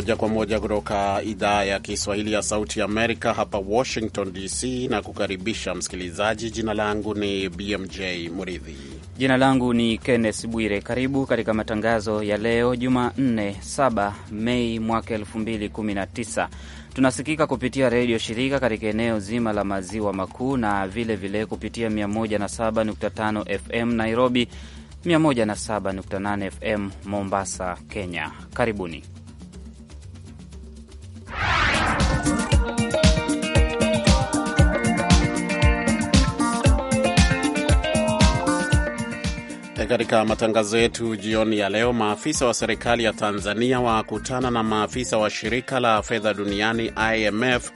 moja kwa moja kutoka idhaa ya Kiswahili ya Sauti ya Amerika hapa Washington DC, na kukaribisha msikilizaji. Jina langu ni BMJ Muridhi. Jina langu ni Kenneth Bwire. Karibu katika matangazo ya leo Jumanne 7 Mei mwaka 2019. Tunasikika kupitia redio shirika katika eneo zima la maziwa makuu na vilevile vile kupitia 107.5 FM Nairobi, 107.8 FM Mombasa, Kenya. Karibuni. E, katika matangazo yetu jioni ya leo, maafisa wa serikali ya Tanzania wakutana na maafisa wa shirika la fedha duniani IMF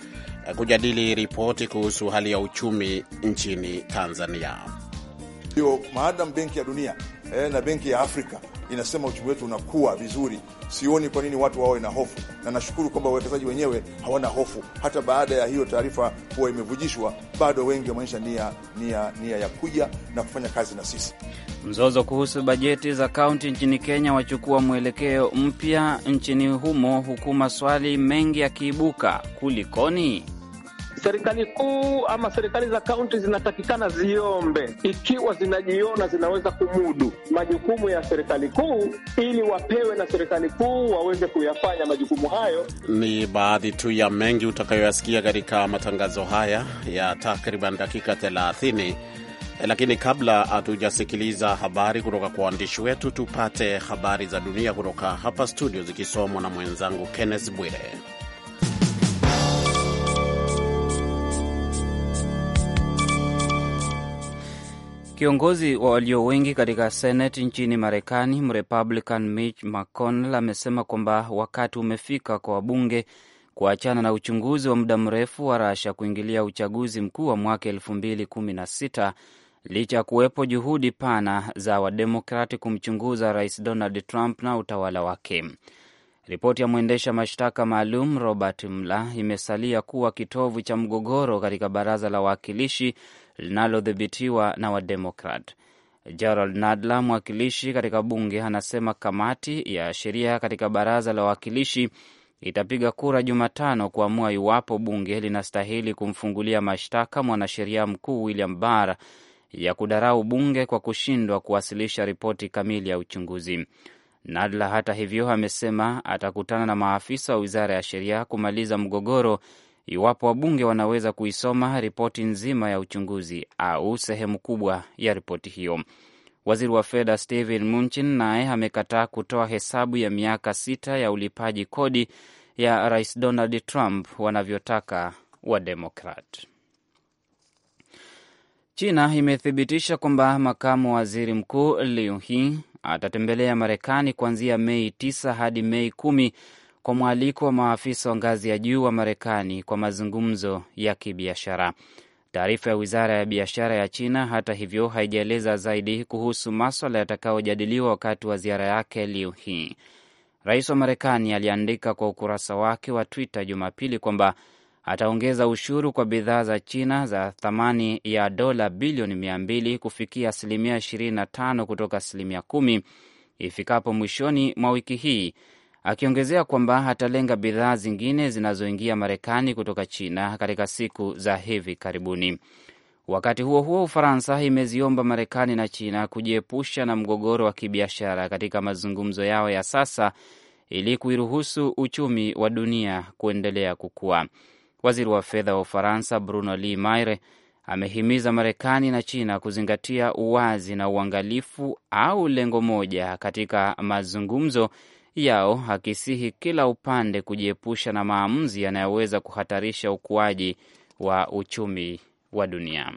e, kujadili ripoti kuhusu hali ya uchumi nchini Tanzania. maadam benki ya dunia eh, na benki ya Afrika inasema uchumi wetu unakuwa vizuri. Sioni kwa nini watu wawe na hofu, na nashukuru kwamba wawekezaji wenyewe hawana hofu. Hata baada ya hiyo taarifa kuwa imevujishwa, bado wengi wameonyesha nia, nia, nia ya kuja na kufanya kazi na sisi. Mzozo kuhusu bajeti za kaunti nchini Kenya wachukua mwelekeo mpya nchini humo, huku maswali mengi yakiibuka: kulikoni? serikali kuu ama serikali za kaunti zinatakikana ziombe, ikiwa zinajiona zinaweza kumudu majukumu ya serikali kuu, ili wapewe na serikali kuu waweze kuyafanya majukumu hayo. Ni baadhi tu ya mengi utakayoyasikia katika matangazo haya ya takriban dakika 30. Eh, lakini kabla hatujasikiliza habari kutoka kwa waandishi wetu, tupate habari za dunia kutoka hapa studio, zikisomwa na mwenzangu Kenneth Bwire. Kiongozi wa walio wengi katika seneti nchini Marekani, Mrepublican Mitch McConnell amesema kwamba wakati umefika kwa wabunge kuachana na uchunguzi wa muda mrefu wa Rasha kuingilia uchaguzi mkuu wa mwaka elfu mbili kumi na sita licha ya kuwepo juhudi pana za Wademokrati kumchunguza Rais Donald Trump na utawala wake. Ripoti ya mwendesha mashtaka maalum Robert Mueller imesalia kuwa kitovu cha mgogoro katika baraza la wawakilishi linalodhibitiwa na Wademokrat. Gerald Nadler, mwakilishi katika bunge, anasema kamati ya sheria katika baraza la wawakilishi itapiga kura Jumatano kuamua iwapo bunge linastahili kumfungulia mashtaka mwanasheria mkuu William Barr ya kudarau bunge kwa kushindwa kuwasilisha ripoti kamili ya uchunguzi. Nadler hata hivyo amesema atakutana na maafisa wa wizara ya sheria kumaliza mgogoro iwapo wabunge wanaweza kuisoma ripoti nzima ya uchunguzi au sehemu kubwa ya ripoti hiyo. Waziri wa fedha Steven Mnuchin naye amekataa kutoa hesabu ya miaka sita ya ulipaji kodi ya Rais Donald Trump wanavyotaka Wademokrat. China imethibitisha kwamba makamu waziri mkuu Liu He atatembelea Marekani kuanzia Mei 9 hadi Mei kumi kwa mwaliko wa maafisa wa ngazi ya juu wa Marekani kwa mazungumzo ya kibiashara. Taarifa ya wizara ya biashara ya China, hata hivyo, haijaeleza zaidi kuhusu maswala yatakayojadiliwa wakati wa ziara yake Liu hii. Rais wa Marekani aliandika kwa ukurasa wake wa Twitter Jumapili kwamba ataongeza ushuru kwa bidhaa za China za thamani ya dola bilioni mia kufikia asilimia 25 kutoka asilimia 10 ifikapo mwishoni mwa wiki hii akiongezea kwamba atalenga bidhaa zingine zinazoingia Marekani kutoka China katika siku za hivi karibuni. Wakati huo huo, Ufaransa imeziomba Marekani na China kujiepusha na mgogoro wa kibiashara katika mazungumzo yao ya sasa ili kuiruhusu uchumi wa dunia kuendelea kukua. Waziri wa fedha wa Ufaransa Bruno Le Maire amehimiza Marekani na China kuzingatia uwazi na uangalifu au lengo moja katika mazungumzo yao akisihi kila upande kujiepusha na maamuzi yanayoweza kuhatarisha ukuaji wa uchumi wa dunia.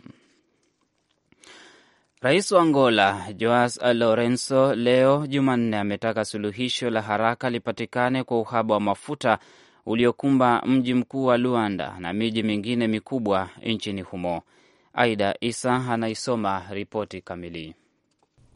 Rais wa Angola Joas Lorenzo leo Jumanne ametaka suluhisho la haraka lipatikane kwa uhaba wa mafuta uliokumba mji mkuu wa Luanda na miji mingine mikubwa nchini humo. Aida Isa anaisoma ripoti kamili.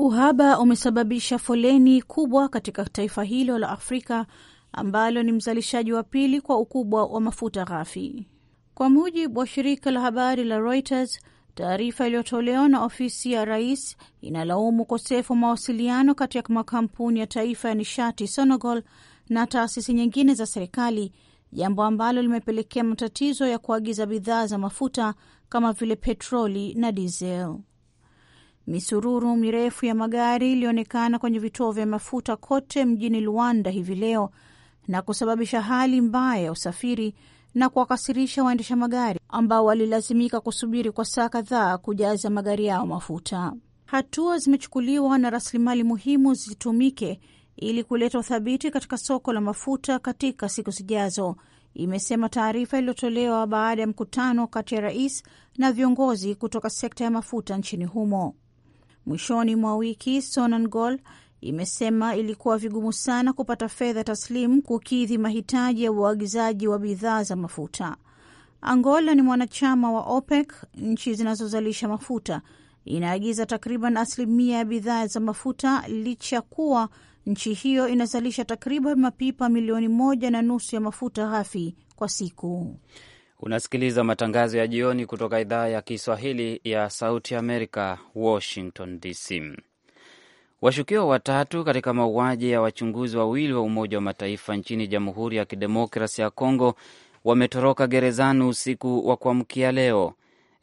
Uhaba umesababisha foleni kubwa katika taifa hilo la Afrika ambalo ni mzalishaji wa pili kwa ukubwa wa mafuta ghafi, kwa mujibu wa shirika la habari la Reuters. Taarifa iliyotolewa na ofisi ya rais inalaumu ukosefu wa mawasiliano kati ya makampuni ya taifa ya nishati Senegal na taasisi nyingine za serikali, jambo ambalo limepelekea matatizo ya kuagiza bidhaa za mafuta kama vile petroli na dizeli. Misururu mirefu ya magari ilionekana kwenye vituo vya mafuta kote mjini Luanda hivi leo na kusababisha hali mbaya ya usafiri na kuwakasirisha waendesha magari ambao walilazimika kusubiri kwa saa kadhaa kujaza magari yao mafuta. Hatua zimechukuliwa na rasilimali muhimu zitumike ili kuleta uthabiti katika soko la mafuta katika siku zijazo, imesema taarifa iliyotolewa baada ya mkutano kati ya rais na viongozi kutoka sekta ya mafuta nchini humo. Mwishoni mwa wiki Sonangol imesema ilikuwa vigumu sana kupata fedha taslimu kukidhi mahitaji ya uagizaji wa bidhaa za mafuta. Angola ni mwanachama wa OPEC. Nchi zinazozalisha mafuta inaagiza takriban asilimia ya bidhaa za mafuta, licha kuwa nchi hiyo inazalisha takriban mapipa milioni moja na nusu ya mafuta ghafi kwa siku. Unasikiliza matangazo ya jioni kutoka idhaa ya Kiswahili ya Sauti Amerika, Washington DC. Washukiwa watatu katika mauaji ya wachunguzi wawili wa Umoja wa Mataifa nchini Jamhuri ya Kidemokrasi ya Kongo wametoroka gerezani usiku wa kuamkia leo.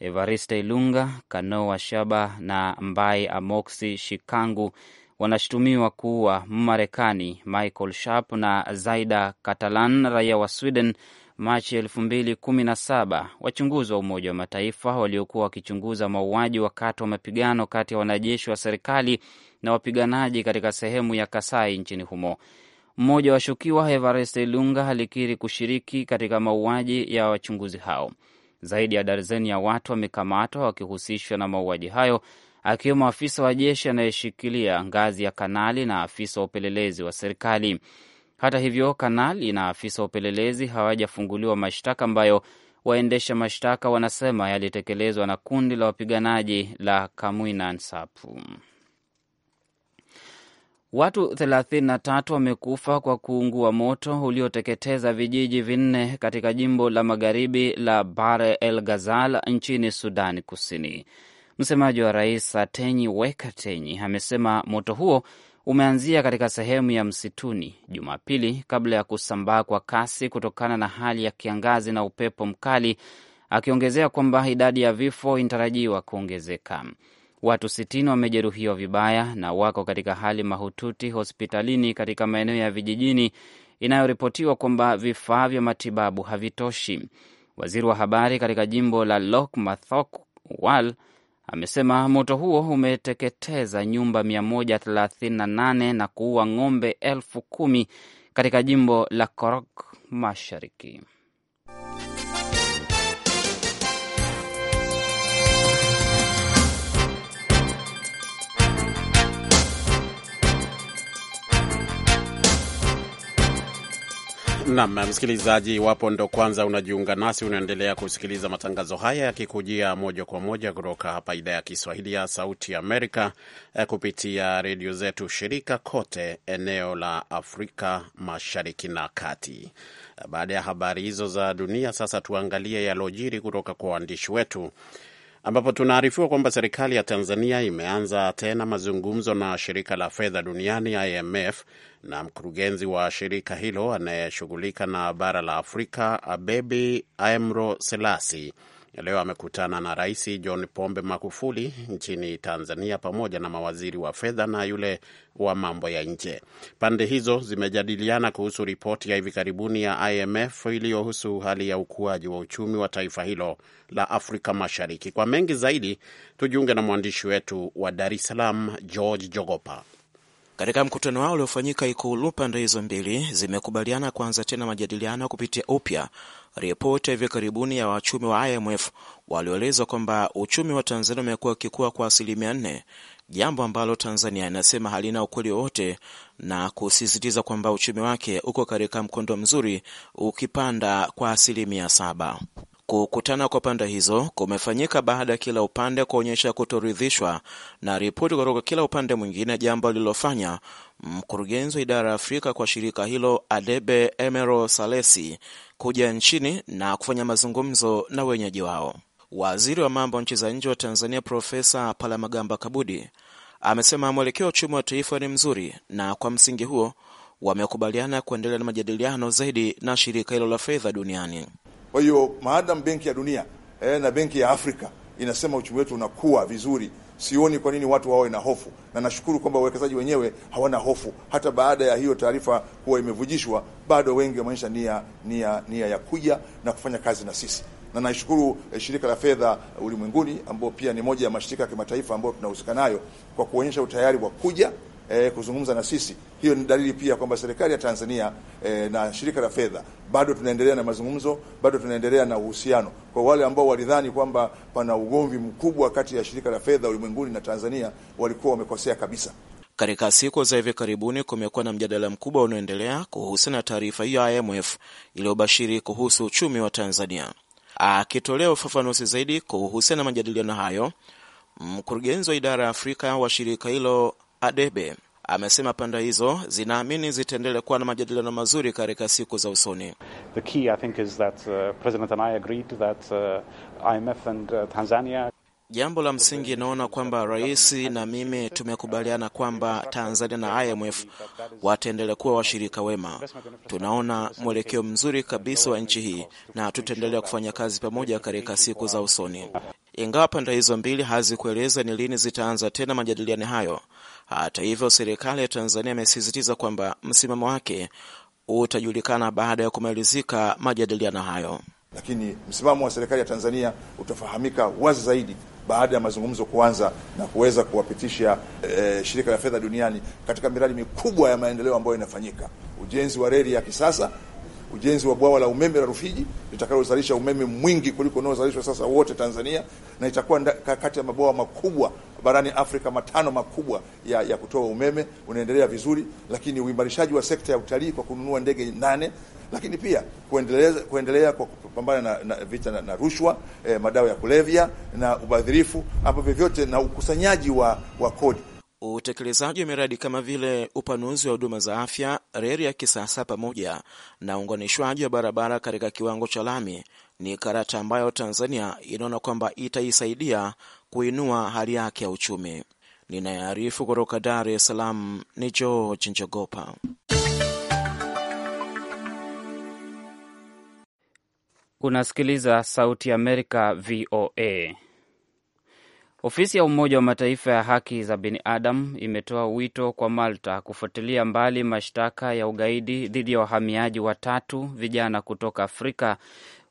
Evariste Ilunga, Kanoa Shaba na Mbai Amoksi Shikangu wanashutumiwa kuwa Mmarekani Michael Sharp na Zaida Catalan, raia wa Sweden Machi 2017 wachunguzi wa Umoja wa Mataifa waliokuwa wakichunguza mauaji wakati wa mapigano kati ya wanajeshi wa serikali na wapiganaji katika sehemu ya Kasai nchini humo. Mmoja wa washukiwa Evarest Lunga alikiri kushiriki katika mauaji ya wachunguzi hao. Zaidi ya darzeni ya watu wamekamatwa wakihusishwa na mauaji hayo, akiwemo afisa wa jeshi anayeshikilia ngazi ya kanali na afisa wa upelelezi wa serikali. Hata hivyo, kanali na afisa wa upelelezi hawajafunguliwa mashtaka ambayo waendesha mashtaka wanasema yalitekelezwa na kundi la wapiganaji la Kamwina Nsapu. Watu 33 wamekufa kwa kuungua moto ulioteketeza vijiji vinne katika jimbo la magharibi la Bare El Ghazal nchini Sudani Kusini. Msemaji wa rais Atenyi Wek Atenyi amesema moto huo umeanzia katika sehemu ya msituni Jumapili kabla ya kusambaa kwa kasi kutokana na hali ya kiangazi na upepo mkali, akiongezea kwamba idadi ya vifo inatarajiwa kuongezeka. Watu sitini wamejeruhiwa vibaya na wako katika hali mahututi hospitalini katika maeneo ya vijijini inayoripotiwa kwamba vifaa vya matibabu havitoshi. Waziri wa habari katika jimbo la Lok Mathok Wal amesema moto huo umeteketeza nyumba 138 na kuua ng'ombe elfu kumi katika jimbo la Korok Mashariki. Nam msikilizaji, iwapo ndo kwanza unajiunga nasi, unaendelea kusikiliza matangazo haya yakikujia moja kwa moja kutoka hapa idhaa ya Kiswahili ya Sauti Amerika eh, kupitia redio zetu shirika kote eneo la Afrika Mashariki na Kati. Baada ya habari hizo za dunia, sasa tuangalie yalojiri kutoka kwa waandishi wetu ambapo tunaarifiwa kwamba serikali ya Tanzania imeanza tena mazungumzo na shirika la fedha duniani IMF na mkurugenzi wa shirika hilo anayeshughulika na bara la Afrika Abebi Aemro Selasi leo amekutana na Rais John Pombe Magufuli nchini Tanzania pamoja na mawaziri wa fedha na yule wa mambo ya nje. Pande hizo zimejadiliana kuhusu ripoti ya hivi karibuni ya IMF iliyohusu hali ya ukuaji wa uchumi wa taifa hilo la Afrika Mashariki. Kwa mengi zaidi, tujiunge na mwandishi wetu wa Dar es Salaam, George Jogopa. Katika mkutano wao uliofanyika Ikulu, pande hizo mbili zimekubaliana kuanza tena majadiliano kupitia upya ripoti ya hivi karibuni ya wachumi wa IMF walioeleza kwamba uchumi wa Tanzania umekuwa ukikua kwa asilimia nne, jambo ambalo Tanzania inasema halina ukweli wowote, na kusisitiza kwamba uchumi wake uko katika mkondo mzuri ukipanda kwa asilimia saba. Kukutana kwa pande hizo kumefanyika baada ya kila upande kuonyesha kutoridhishwa na ripoti kutoka kila upande mwingine, jambo lililofanya mkurugenzi wa idara ya Afrika kwa shirika hilo Adebe Emero Salesi kuja nchini na kufanya mazungumzo na wenyeji wao. Waziri wa mambo nchi za nje wa Tanzania Profesa Palamagamba Kabudi amesema mwelekeo wa uchumi wa taifa ni mzuri, na kwa msingi huo wamekubaliana kuendelea na majadiliano zaidi na shirika hilo la fedha duniani. Kwa hiyo maadam benki ya dunia eh, na benki ya Afrika inasema uchumi wetu unakuwa vizuri, sioni kwa nini watu wawe na hofu, na nashukuru kwamba wawekezaji wenyewe hawana hofu. Hata baada ya hiyo taarifa kuwa imevujishwa, bado wengi wameonyesha nia, nia, nia ya kuja na kufanya kazi na sisi na naishukuru eh, shirika la fedha ulimwenguni ambao pia ni moja ya mashirika ya kimataifa ambayo tunahusika nayo kwa kuonyesha utayari wa kuja e, kuzungumza na sisi. Hiyo ni dalili pia kwamba serikali ya Tanzania e, na shirika la fedha bado tunaendelea na mazungumzo, bado tunaendelea na uhusiano. Kwa wale ambao walidhani kwamba pana ugomvi mkubwa kati ya shirika la fedha ulimwenguni na Tanzania walikuwa wamekosea kabisa. Katika siku za hivi karibuni kumekuwa na mjadala mkubwa unaoendelea kuhusiana na taarifa hiyo ya IMF iliyobashiri kuhusu uchumi wa Tanzania. Akitolea ufafanuzi zaidi kuhusiana na majadiliano hayo, mkurugenzi wa idara ya Afrika wa shirika hilo Adebe amesema pande hizo zinaamini zitaendelea kuwa na majadiliano mazuri katika siku za usoni. Uh, uh, uh, Jambo la msingi inaona kwamba rais na mimi tumekubaliana kwamba Tanzania na IMF wataendelea kuwa washirika wema. Tunaona mwelekeo mzuri kabisa wa nchi hii na tutaendelea kufanya kazi pamoja katika siku za usoni. Ingawa pande hizo mbili hazikueleza ni lini zitaanza tena majadiliano hayo, hata hivyo, serikali ya Tanzania imesisitiza kwamba msimamo wake utajulikana baada ya kumalizika majadiliano hayo, lakini msimamo wa serikali ya Tanzania utafahamika wazi zaidi baada ya mazungumzo kuanza na kuweza kuwapitisha e, shirika la fedha duniani katika miradi mikubwa ya maendeleo ambayo inafanyika, ujenzi wa reli ya kisasa ujenzi wa bwawa la umeme la Rufiji litakalozalisha umeme mwingi kuliko unaozalishwa sasa wote Tanzania, na itakuwa kati ya mabwawa makubwa barani Afrika, matano makubwa ya, ya kutoa umeme. Unaendelea vizuri, lakini uimarishaji wa sekta ya utalii kwa kununua ndege nane lakini pia kuendelea, kuendelea kwa kupambana na, na vita na, na rushwa eh, madawa ya kulevya na ubadhirifu ambavyo vyote na ukusanyaji wa, wa kodi utekelezaji wa miradi kama vile upanuzi wa huduma za afya, reli ya kisasa, pamoja na uunganishwaji wa barabara katika kiwango cha lami ni karata ambayo Tanzania inaona kwamba itaisaidia kuinua hali yake ya uchumi. Ninayearifu kutoka Dar es Salaam ni George Njogopa. Unasikiliza Sauti ya Amerika, VOA. Ofisi ya Umoja wa Mataifa ya haki za binadamu imetoa wito kwa Malta kufuatilia mbali mashtaka ya ugaidi dhidi ya wahamiaji watatu vijana kutoka Afrika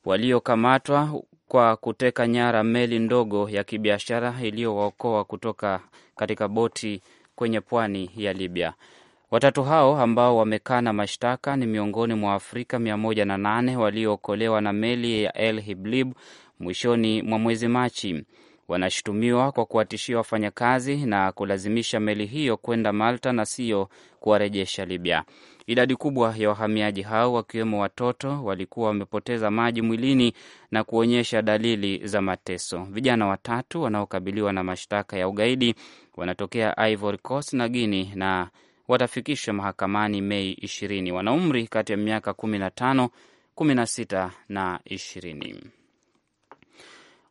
waliokamatwa kwa kuteka nyara meli ndogo ya kibiashara iliyowaokoa kutoka katika boti kwenye pwani ya Libya. Watatu hao ambao wamekana mashtaka ni miongoni mwa Afrika 108 waliookolewa na meli ya El Hiblib mwishoni mwa mwezi Machi wanashutumiwa kwa kuwatishia wafanyakazi na kulazimisha meli hiyo kwenda Malta na siyo kuwarejesha Libya. Idadi kubwa ya wahamiaji hao wakiwemo watoto walikuwa wamepoteza maji mwilini na kuonyesha dalili za mateso. Vijana watatu wanaokabiliwa na mashtaka ya ugaidi wanatokea Ivory Coast na guini na watafikishwa mahakamani Mei ishirini. Wana umri kati ya miaka kumi na tano, kumi na sita na ishirini.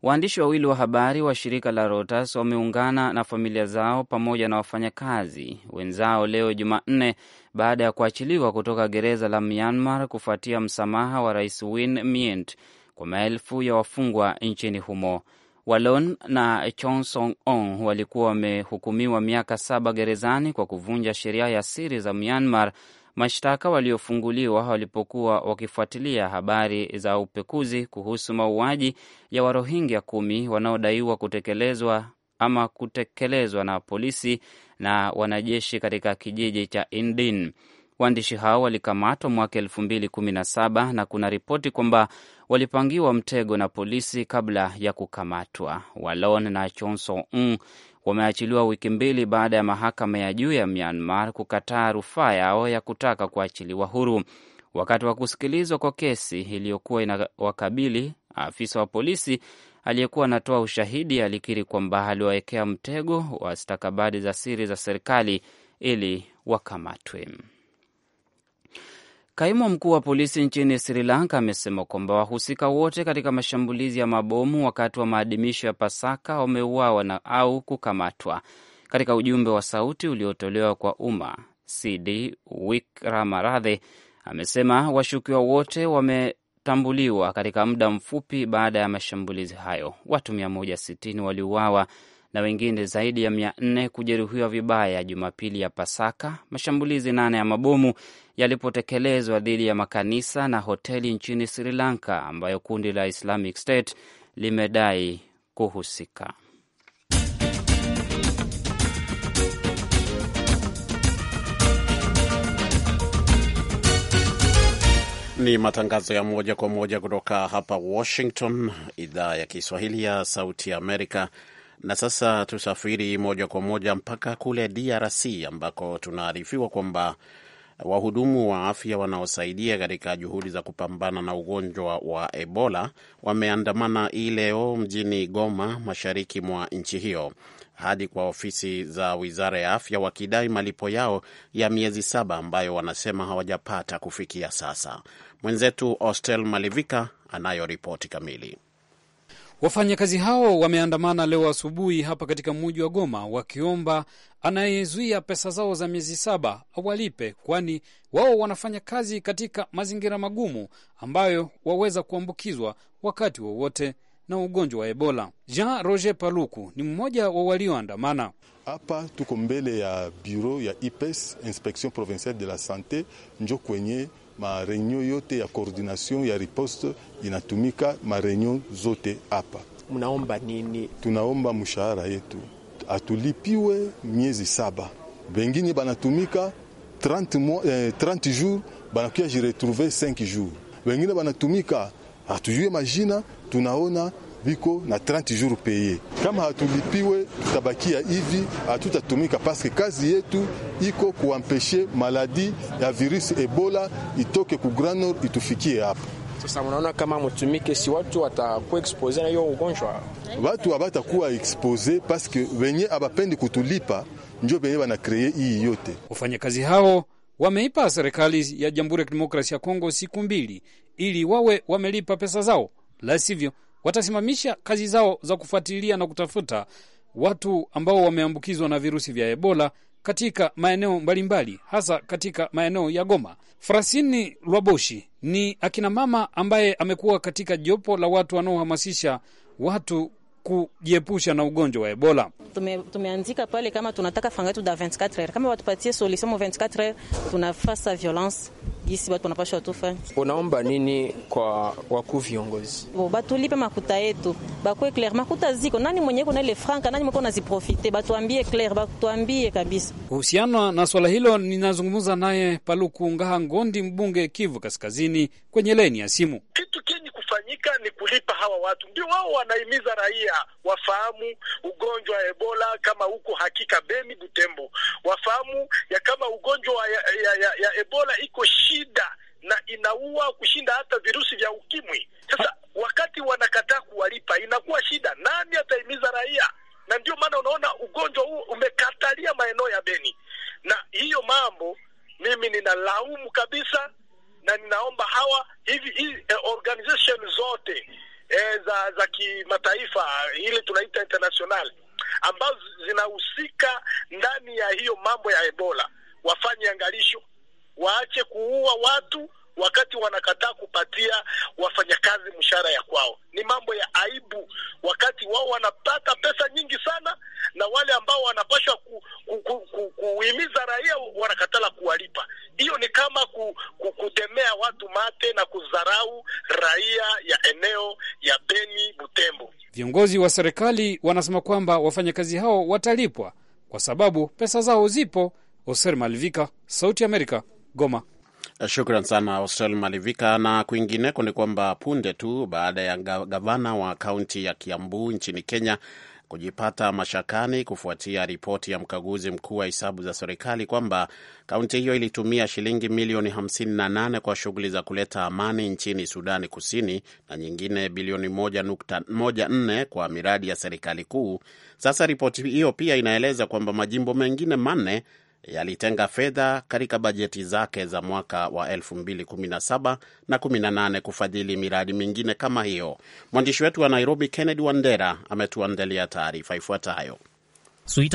Waandishi wawili wa habari wa shirika la Reuters wameungana na familia zao pamoja na wafanyakazi wenzao leo Jumanne baada ya kuachiliwa kutoka gereza la Myanmar kufuatia msamaha wa Rais Win Myint kwa maelfu ya wafungwa nchini humo. Walon na chon Song Ong walikuwa wamehukumiwa miaka saba gerezani kwa kuvunja sheria ya siri za Myanmar mashtaka waliofunguliwa walipokuwa wakifuatilia habari za upekuzi kuhusu mauaji ya Warohingya kumi wanaodaiwa kutekelezwa ama kutekelezwa na polisi na wanajeshi katika kijiji cha Indin. Waandishi hao walikamatwa mwaka elfu mbili kumi na saba na kuna ripoti kwamba walipangiwa mtego na polisi kabla ya kukamatwa. Walon na Chonso wameachiliwa wiki mbili baada ya mahakama ya juu ya Myanmar kukataa rufaa yao ya kutaka kuachiliwa huru. Wakati wa kusikilizwa kwa kesi iliyokuwa inawakabili, afisa wa polisi aliyekuwa anatoa ushahidi alikiri kwamba aliwawekea mtego wa stakabadhi za siri za serikali ili wakamatwe. Kaimu mkuu wa polisi nchini Sri Lanka amesema kwamba wahusika wote katika mashambulizi ya mabomu wakati wa maadhimisho ya Pasaka wameuawa na au kukamatwa. Katika ujumbe wa sauti uliotolewa kwa umma, CD Wickramarathe amesema washukiwa wote wametambuliwa katika muda mfupi baada ya mashambulizi hayo. Watu 160 waliuawa na wengine zaidi ya mia nne kujeruhiwa vibaya Jumapili ya Pasaka, mashambulizi nane ya mabomu yalipotekelezwa dhidi ya makanisa na hoteli nchini Sri Lanka ambayo kundi la Islamic State limedai kuhusika. Ni matangazo ya moja kwa moja kutoka hapa Washington, idhaa ya Kiswahili ya Sauti ya Amerika. Na sasa tusafiri moja kwa moja mpaka kule DRC ambako tunaarifiwa kwamba wahudumu wa afya wanaosaidia katika juhudi za kupambana na ugonjwa wa Ebola wameandamana hii leo mjini Goma, mashariki mwa nchi hiyo hadi kwa ofisi za wizara ya afya wakidai malipo yao ya miezi saba ambayo wanasema hawajapata kufikia sasa. Mwenzetu Ostel Malivika anayo ripoti kamili. Wafanyakazi hao wameandamana leo asubuhi hapa katika mji wa Goma wakiomba anayezuia pesa zao za miezi saba awalipe, kwani wao wanafanya kazi katika mazingira magumu ambayo waweza kuambukizwa wakati wowote wa na ugonjwa wa Ebola. Jean Roger Paluku ni mmoja wa walioandamana hapa. Tuko mbele ya bureau ya IPES, inspection provinciale de la sante, njo kwenye mareunion yote ya coordination ya riposte inatumika mareunion zote hapa. Mnaomba nini? Tunaomba mshahara yetu atulipiwe miezi saba, bengine banatumika 30 eh, 30 jours banakuya jiretrouve 5 jours, bengine banatumika hatujue majina, tunaona viko na 30 jours peye. Kama hatulipiwe tutabakia hivi, hatutatumika paske kazi yetu iko kuampeshe maladi ya virusi Ebola itoke ku Grand Nord itufikie hapa. Sasa mnaona kama mtumike, si watu watakuwa expose na hiyo ugonjwa, watu abatakuwa expose paske wenye abapendi kutulipa njo venye banakreye hii yote. Wafanyakazi hao wameipa serikali ya Jamhuri ya Kidemokrasia ya Kongo siku mbili ili wawe wamelipa pesa zao, la sivyo watasimamisha kazi zao za kufuatilia na kutafuta watu ambao wameambukizwa na virusi vya Ebola katika maeneo mbalimbali, hasa katika maeneo ya Goma. Frasini Lwaboshi ni akinamama ambaye amekuwa katika jopo la watu wanaohamasisha watu kujiepusha na ugonjwa wa Ebola. Tume, tumeanzika pale kama tunataka fangaetu da 24 heures kama watupatie solution mu 24 heures tunafasa violence gisi watu wanapashwa tufa. Unaomba nini kwa wakuu viongozi? Batulipe makuta yetu bakwe clair makuta ziko nani mwenye kuna ile franka nani mwenye unaziprofite batuambie clair batuambie kabisa. Kuhusiana na swala hilo ninazungumza naye Paluku Ngaha Ngondi, mbunge Kivu Kaskazini, kwenye leni ya simu. Kitu kenye kufanyika ni kulipa hawa watu. Ndio wao wanahimiza raia wafahamu ugonjwa wa Ebola kama huko hakika Beni, Butembo, wafahamu ya kama ugonjwa ya, ya, ya, ya Ebola iko shida na inaua kushinda hata virusi vya ukimwi. Sasa wakati wanakataa kuwalipa, inakuwa shida. Nani atahimiza raia? Na ndio maana unaona ugonjwa huu umekatalia maeneo ya Beni, na hiyo mambo mimi ninalaumu kabisa na ninaomba hawa hivi, hivi eh, organization zote eh, za za kimataifa ile tunaita international ambazo zinahusika ndani ya hiyo mambo ya Ebola wafanye angalisho, waache kuua watu wakati wanakataa kupatia wafanyakazi mshahara ya kwao. Ni mambo ya aibu, wakati wao wanapata pesa nyingi sana, na wale ambao wanapashwa kuhimiza ku, ku, ku, raia wanakatala kuwalipa. Hiyo ni kama ku, ku, kutemea watu mate na kudharau raia ya eneo ya Beni Butembo. Viongozi wa serikali wanasema kwamba wafanyakazi hao watalipwa kwa sababu pesa zao zipo. Oser Malvika, Sauti Amerika, Goma. Shukran sana Hostel Malivika. Na kwingineko ni kwamba punde tu baada ya gavana wa kaunti ya Kiambu nchini Kenya kujipata mashakani kufuatia ripoti ya mkaguzi mkuu wa hesabu za serikali kwamba kaunti hiyo ilitumia shilingi milioni 58 kwa shughuli za kuleta amani nchini Sudani Kusini na nyingine bilioni 1.14 kwa miradi ya serikali kuu. Sasa ripoti hiyo pia inaeleza kwamba majimbo mengine manne yalitenga fedha katika bajeti zake za mwaka wa 2017 na 18 kufadhili miradi mingine kama hiyo. Mwandishi wetu wa Nairobi Kennedy Wandera ametuandalia taarifa ifuatayo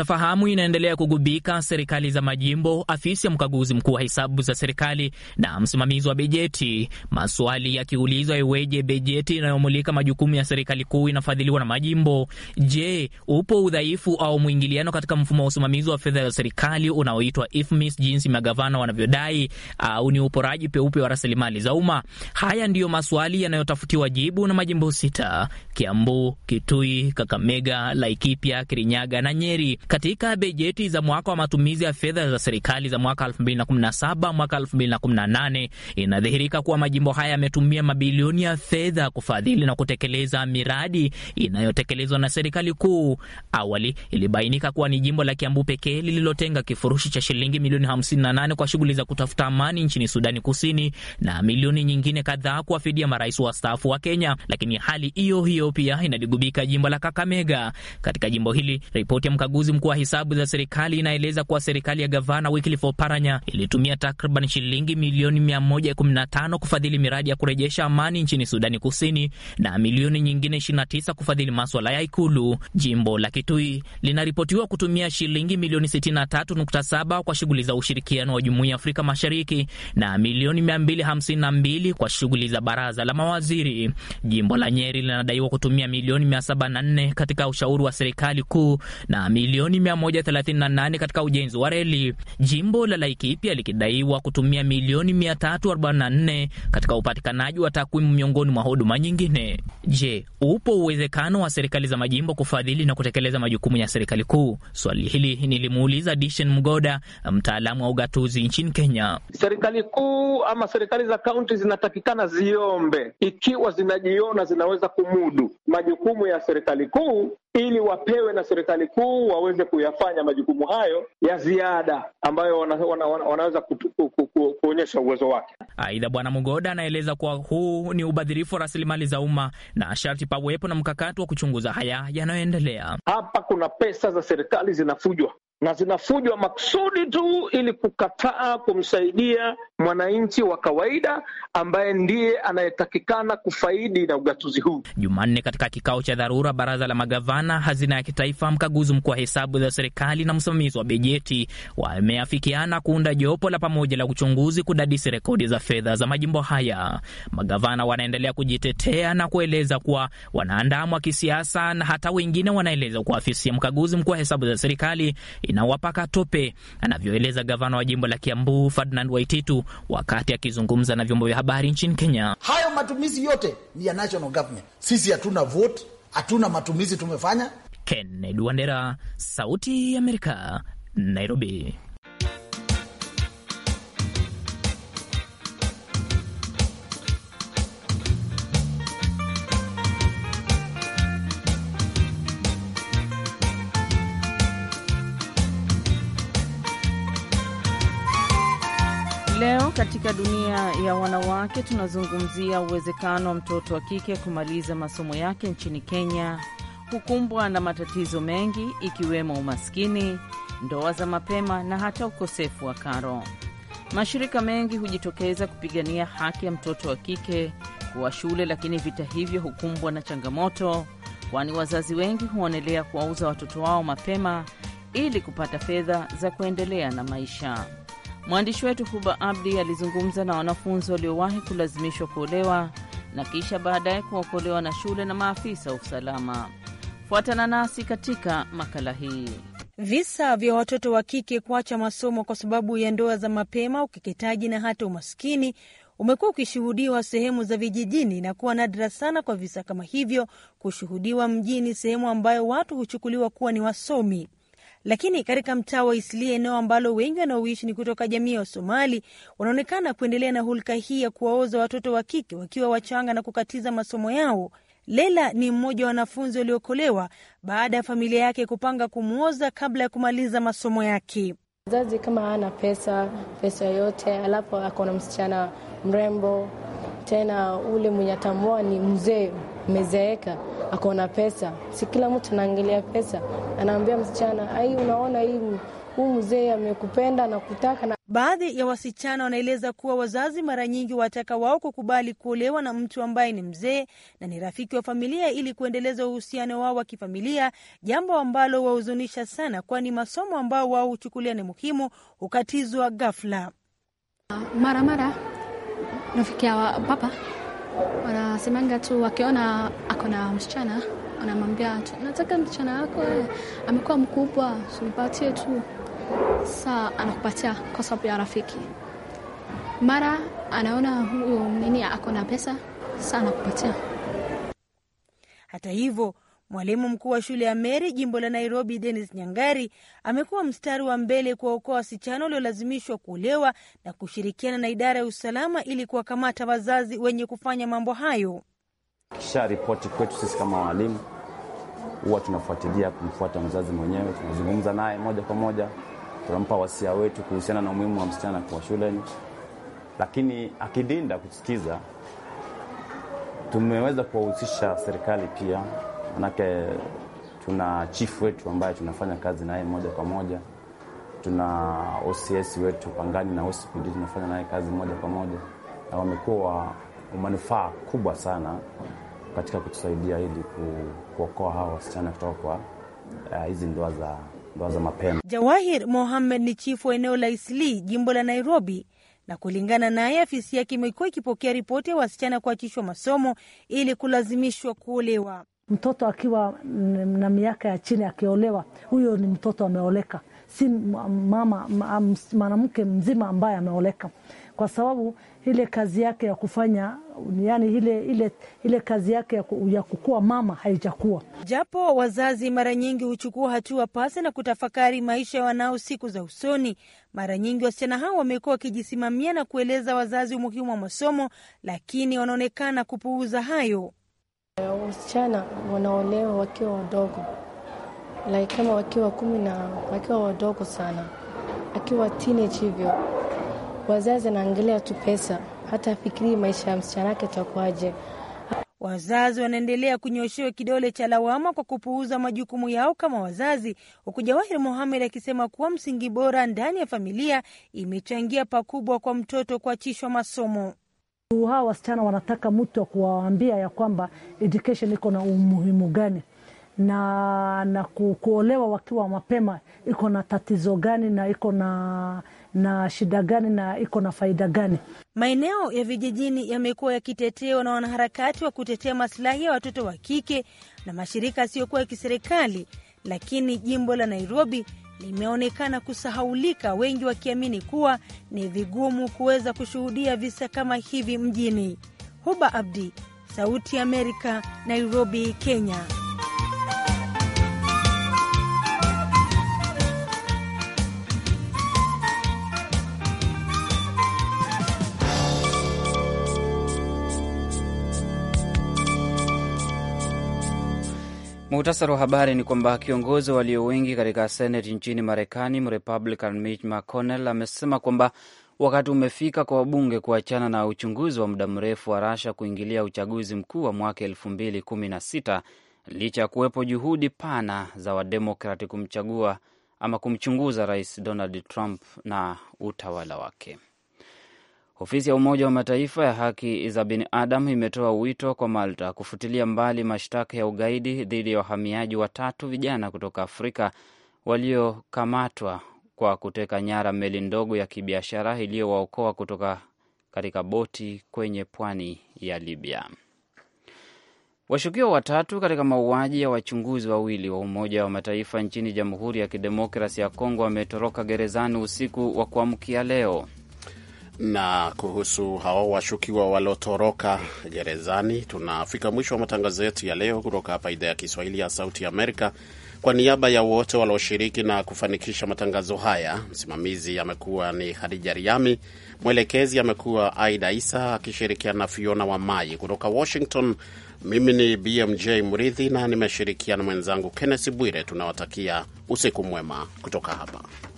fahamu inaendelea kugubika serikali za majimbo, afisi ya mkaguzi mkuu wa hesabu za serikali na msimamizi wa bejeti, maswali yakiulizwa iweje bejeti inayomulika majukumu ya serikali kuu inafadhiliwa na majimbo. Je, upo udhaifu au mwingiliano katika mfumo wa usimamizi wa fedha za serikali unaoitwa IFMIS jinsi magavana wanavyodai, au ni uporaji peupe wa rasilimali za umma? Haya ndiyo maswali yanayotafutiwa jibu na majimbo sita: Kiambu, Kitui, Kakamega, Laikipia, Kirinyaga na Nyeri waziri katika bajeti za mwaka wa matumizi ya fedha za serikali za mwaka 2017 mwaka 2018, inadhihirika kuwa majimbo haya yametumia mabilioni ya fedha kufadhili na kutekeleza miradi inayotekelezwa na serikali kuu. Awali ilibainika kuwa ni jimbo la Kiambu pekee lililotenga kifurushi cha shilingi milioni 58 kwa shughuli za kutafuta amani nchini Sudani Kusini na milioni nyingine kadhaa kuwafidia marais wastaafu wa Kenya, lakini hali hiyo hiyo pia inaligubika jimbo la Kakamega. Katika jimbo hili ripoti ya uchaguzi mkuu wa hesabu za serikali inaeleza kuwa serikali ya gavana Wycliffe Oparanya ilitumia takriban shilingi milioni 115 kufadhili miradi ya kurejesha amani nchini Sudani Kusini na milioni nyingine 29 kufadhili maswala ya ikulu. Jimbo la Kitui linaripotiwa kutumia shilingi milioni 63.7 kwa shughuli za ushirikiano wa Jumuiya ya Afrika Mashariki na milioni 252 kwa shughuli za baraza la mawaziri. Jimbo la Nyeri linadaiwa kutumia milioni 704 katika ushauri wa serikali kuu na milioni 138 katika ujenzi wa reli. Jimbo la Laikipia likidaiwa kutumia milioni 344 katika upatikanaji wa takwimu miongoni mwa huduma nyingine. Je, upo uwezekano wa serikali za majimbo kufadhili na kutekeleza majukumu ya serikali kuu? Swali hili nilimuuliza Dishen Mgoda, mtaalamu wa ugatuzi nchini Kenya. Serikali kuu ama serikali za kaunti zinatakikana ziombe, ikiwa zinajiona zinaweza kumudu majukumu ya serikali kuu, ili wapewe na serikali kuu waweze kuyafanya majukumu hayo ya ziada ambayo wana, wana, wana, wanaweza ku, ku, ku, kuonyesha uwezo wake. Aidha, Bwana Mugoda anaeleza kuwa huu ni ubadhirifu wa rasilimali za umma na sharti pawepo na mkakati wa kuchunguza haya yanayoendelea. Hapa kuna pesa za serikali zinafujwa, na zinafujwa maksudi tu ili kukataa kumsaidia mwananchi wa kawaida ambaye ndiye anayetakikana kufaidi na ugatuzi huu. Jumanne, katika kikao cha dharura baraza la magavana, hazina ya kitaifa, mkaguzi mkuu wa hesabu za serikali na msimamizi wa bajeti wameafikiana kuunda jopo la pamoja la uchunguzi kudadisi rekodi za fedha za majimbo haya. Magavana wanaendelea kujitetea na kueleza kuwa wanaandamwa kisiasa, na hata wengine wanaeleza kuwa afisi ya mkaguzi mkuu wa hesabu za serikali inawapaka tope, anavyoeleza gavana wa jimbo la Kiambu Ferdinand Waititu wakati akizungumza na vyombo vya habari nchini Kenya. Hayo matumizi yote ni ya national government. Sisi hatuna vote, hatuna matumizi tumefanya. Kennedy Wandera, Sauti ya Amerika, Nairobi. katika dunia ya wanawake tunazungumzia uwezekano wa mtoto wa kike kumaliza masomo yake nchini Kenya hukumbwa na matatizo mengi ikiwemo umaskini, ndoa za mapema na hata ukosefu wa karo. Mashirika mengi hujitokeza kupigania haki ya mtoto wa kike kuwa shule, lakini vita hivyo hukumbwa na changamoto, kwani wazazi wengi huonelea kuwauza watoto wao mapema ili kupata fedha za kuendelea na maisha. Mwandishi wetu Huba Abdi alizungumza na wanafunzi waliowahi kulazimishwa kuolewa na kisha baadaye kuokolewa na shule na maafisa wa usalama. Fuatana nasi katika makala hii. Visa vya watoto wa kike kuacha masomo kwa sababu ya ndoa za mapema, ukeketaji na hata umaskini umekuwa ukishuhudiwa sehemu za vijijini na kuwa nadra sana kwa visa kama hivyo kushuhudiwa mjini, sehemu ambayo watu huchukuliwa kuwa ni wasomi. Lakini katika mtaa wa Isli, eneo ambalo wengi wanaoishi ni kutoka jamii ya Wasomali, wanaonekana kuendelea na hulka hii ya kuwaoza watoto wa kike wakiwa wachanga na kukatiza masomo yao. Lela ni mmoja wa wanafunzi waliokolewa baada ya familia yake kupanga kumwoza kabla ya kumaliza masomo yake. Mzazi kama ana pesa pesa yoyote, alafu akona msichana mrembo, tena ule mwenye atamwoa ni mzee umezeeka, akaona pesa. Si kila mtu anaangalia pesa, anaambia msichana, ai, unaona hii huu mzee amekupenda na kutaka na... Baadhi ya wasichana wanaeleza kuwa wazazi mara nyingi wataka wao kukubali kuolewa na mtu ambaye ni mzee na ni rafiki wa familia ili kuendeleza uhusiano wao wa kifamilia, jambo ambalo wahuzunisha sana, kwani masomo ambao wao huchukulia ni muhimu hukatizwa ghafla. Mara mara rafiki ya papa wanasemanga tu wakiona ako na msichana wanamwambia tu, nataka msichana wako eh, amekuwa mkubwa, unipatie tu. Saa anakupatia kwa sababu ya rafiki, mara anaona huyo nini ako na pesa, saa anakupatia. Hata hivyo Mwalimu mkuu wa shule ya Meri jimbo la Nairobi, denis Nyangari amekuwa mstari wa mbele kuwaokoa wasichana waliolazimishwa kuolewa na kushirikiana na idara ya usalama ili kuwakamata wazazi wenye kufanya mambo hayo. Kisha ripoti kwetu sisi kama walimu, huwa tunafuatilia kumfuata mzazi mwenyewe, tunazungumza naye moja kwa moja, tunampa wasia wetu kuhusiana na umuhimu wa msichana kuwa shuleni, lakini akidinda kusikiza, tumeweza kuwahusisha serikali pia manake tuna chifu wetu ambaye tunafanya kazi naye moja kwa moja, tuna OCS wetu Pangani na OCPD tunafanya naye kazi moja kwa moja, na wamekuwa manufaa kubwa sana katika kutusaidia ili kuokoa hawa wasichana kutoka kwa uh, hizi ndoa za ndoa za mapema. Jawahir Mohamed ni chifu wa eneo la Isli, jimbo la Nairobi, na kulingana naye, afisi yake imekuwa ikipokea ripoti ya wasichana kuachishwa masomo ili kulazimishwa kuolewa mtoto akiwa na miaka ya chini akiolewa, huyo ni mtoto ameoleka, si mama mwanamke mzima ambaye ameoleka, kwa sababu ile kazi yake ya kufanya yani ile, ile, ile kazi yake ya, kukuwa ya kukua mama haijakuwa. Japo wazazi mara nyingi huchukua hatua pasi na kutafakari maisha ya wanao siku za usoni, mara nyingi wasichana hao wamekuwa wakijisimamia na kueleza wazazi umuhimu wa masomo, lakini wanaonekana kupuuza hayo. Wasichana wanaolewa wakiwa wadogo like kama wakiwa kumi na wakiwa wadogo sana, akiwa teenage hivyo, wazazi wanaangalia tu pesa, hata afikirii maisha ya msichana yake itakuwaje. Wazazi wanaendelea kunyoshewa kidole cha lawama kwa kupuuza majukumu yao kama wazazi, huku Jawahir Mohamed akisema kuwa msingi bora ndani ya familia imechangia pakubwa kwa mtoto kuachishwa masomo. Hawa wasichana wanataka mtu wa kuwaambia ya kwamba education iko na umuhimu gani na na ku, kuolewa wakiwa mapema iko na tatizo gani na iko na na shida gani na iko na faida gani? Maeneo ya vijijini yamekuwa yakitetewa na wanaharakati wa kutetea masilahi ya watoto wa kike na mashirika yasiyokuwa ya kiserikali, lakini jimbo la Nairobi limeonekana kusahaulika, wengi wakiamini kuwa ni vigumu kuweza kushuhudia visa kama hivi mjini. Huba Abdi, Sauti ya Amerika, Nairobi, Kenya. Muhtasari wa habari ni kwamba kiongozi walio wengi katika seneti nchini Marekani, Mrepublican Mitch McConnell amesema kwamba wakati umefika kwa wabunge kuachana na uchunguzi wa muda mrefu wa Rasha kuingilia uchaguzi mkuu wa mwaka elfu mbili kumi na sita licha ya kuwepo juhudi pana za Wademokrati kumchagua ama kumchunguza Rais Donald Trump na utawala wake. Ofisi ya Umoja wa Mataifa ya haki za binadamu imetoa wito kwa Malta kufutilia mbali mashtaka ya ugaidi dhidi ya wahamiaji watatu vijana kutoka Afrika waliokamatwa kwa kuteka nyara meli ndogo ya kibiashara iliyowaokoa kutoka katika boti kwenye pwani ya Libya. Washukiwa watatu katika mauaji ya wachunguzi wawili wa Umoja wa Mataifa nchini Jamhuri ya Kidemokrasi ya Kongo wametoroka gerezani usiku wa kuamkia leo. Na kuhusu hao washukiwa walotoroka gerezani, tunafika mwisho wa matangazo yetu ya leo kutoka hapa idhaa ya Kiswahili ya Sauti Amerika. Kwa niaba ya wote walioshiriki na kufanikisha matangazo haya, msimamizi amekuwa ni Hadija Riami, mwelekezi amekuwa Aida Isa akishirikiana na Fiona wa Mai kutoka Washington. Mimi ni BMJ mridhi na nimeshirikiana mwenzangu Kenneth Bwire. Tunawatakia usiku mwema kutoka hapa.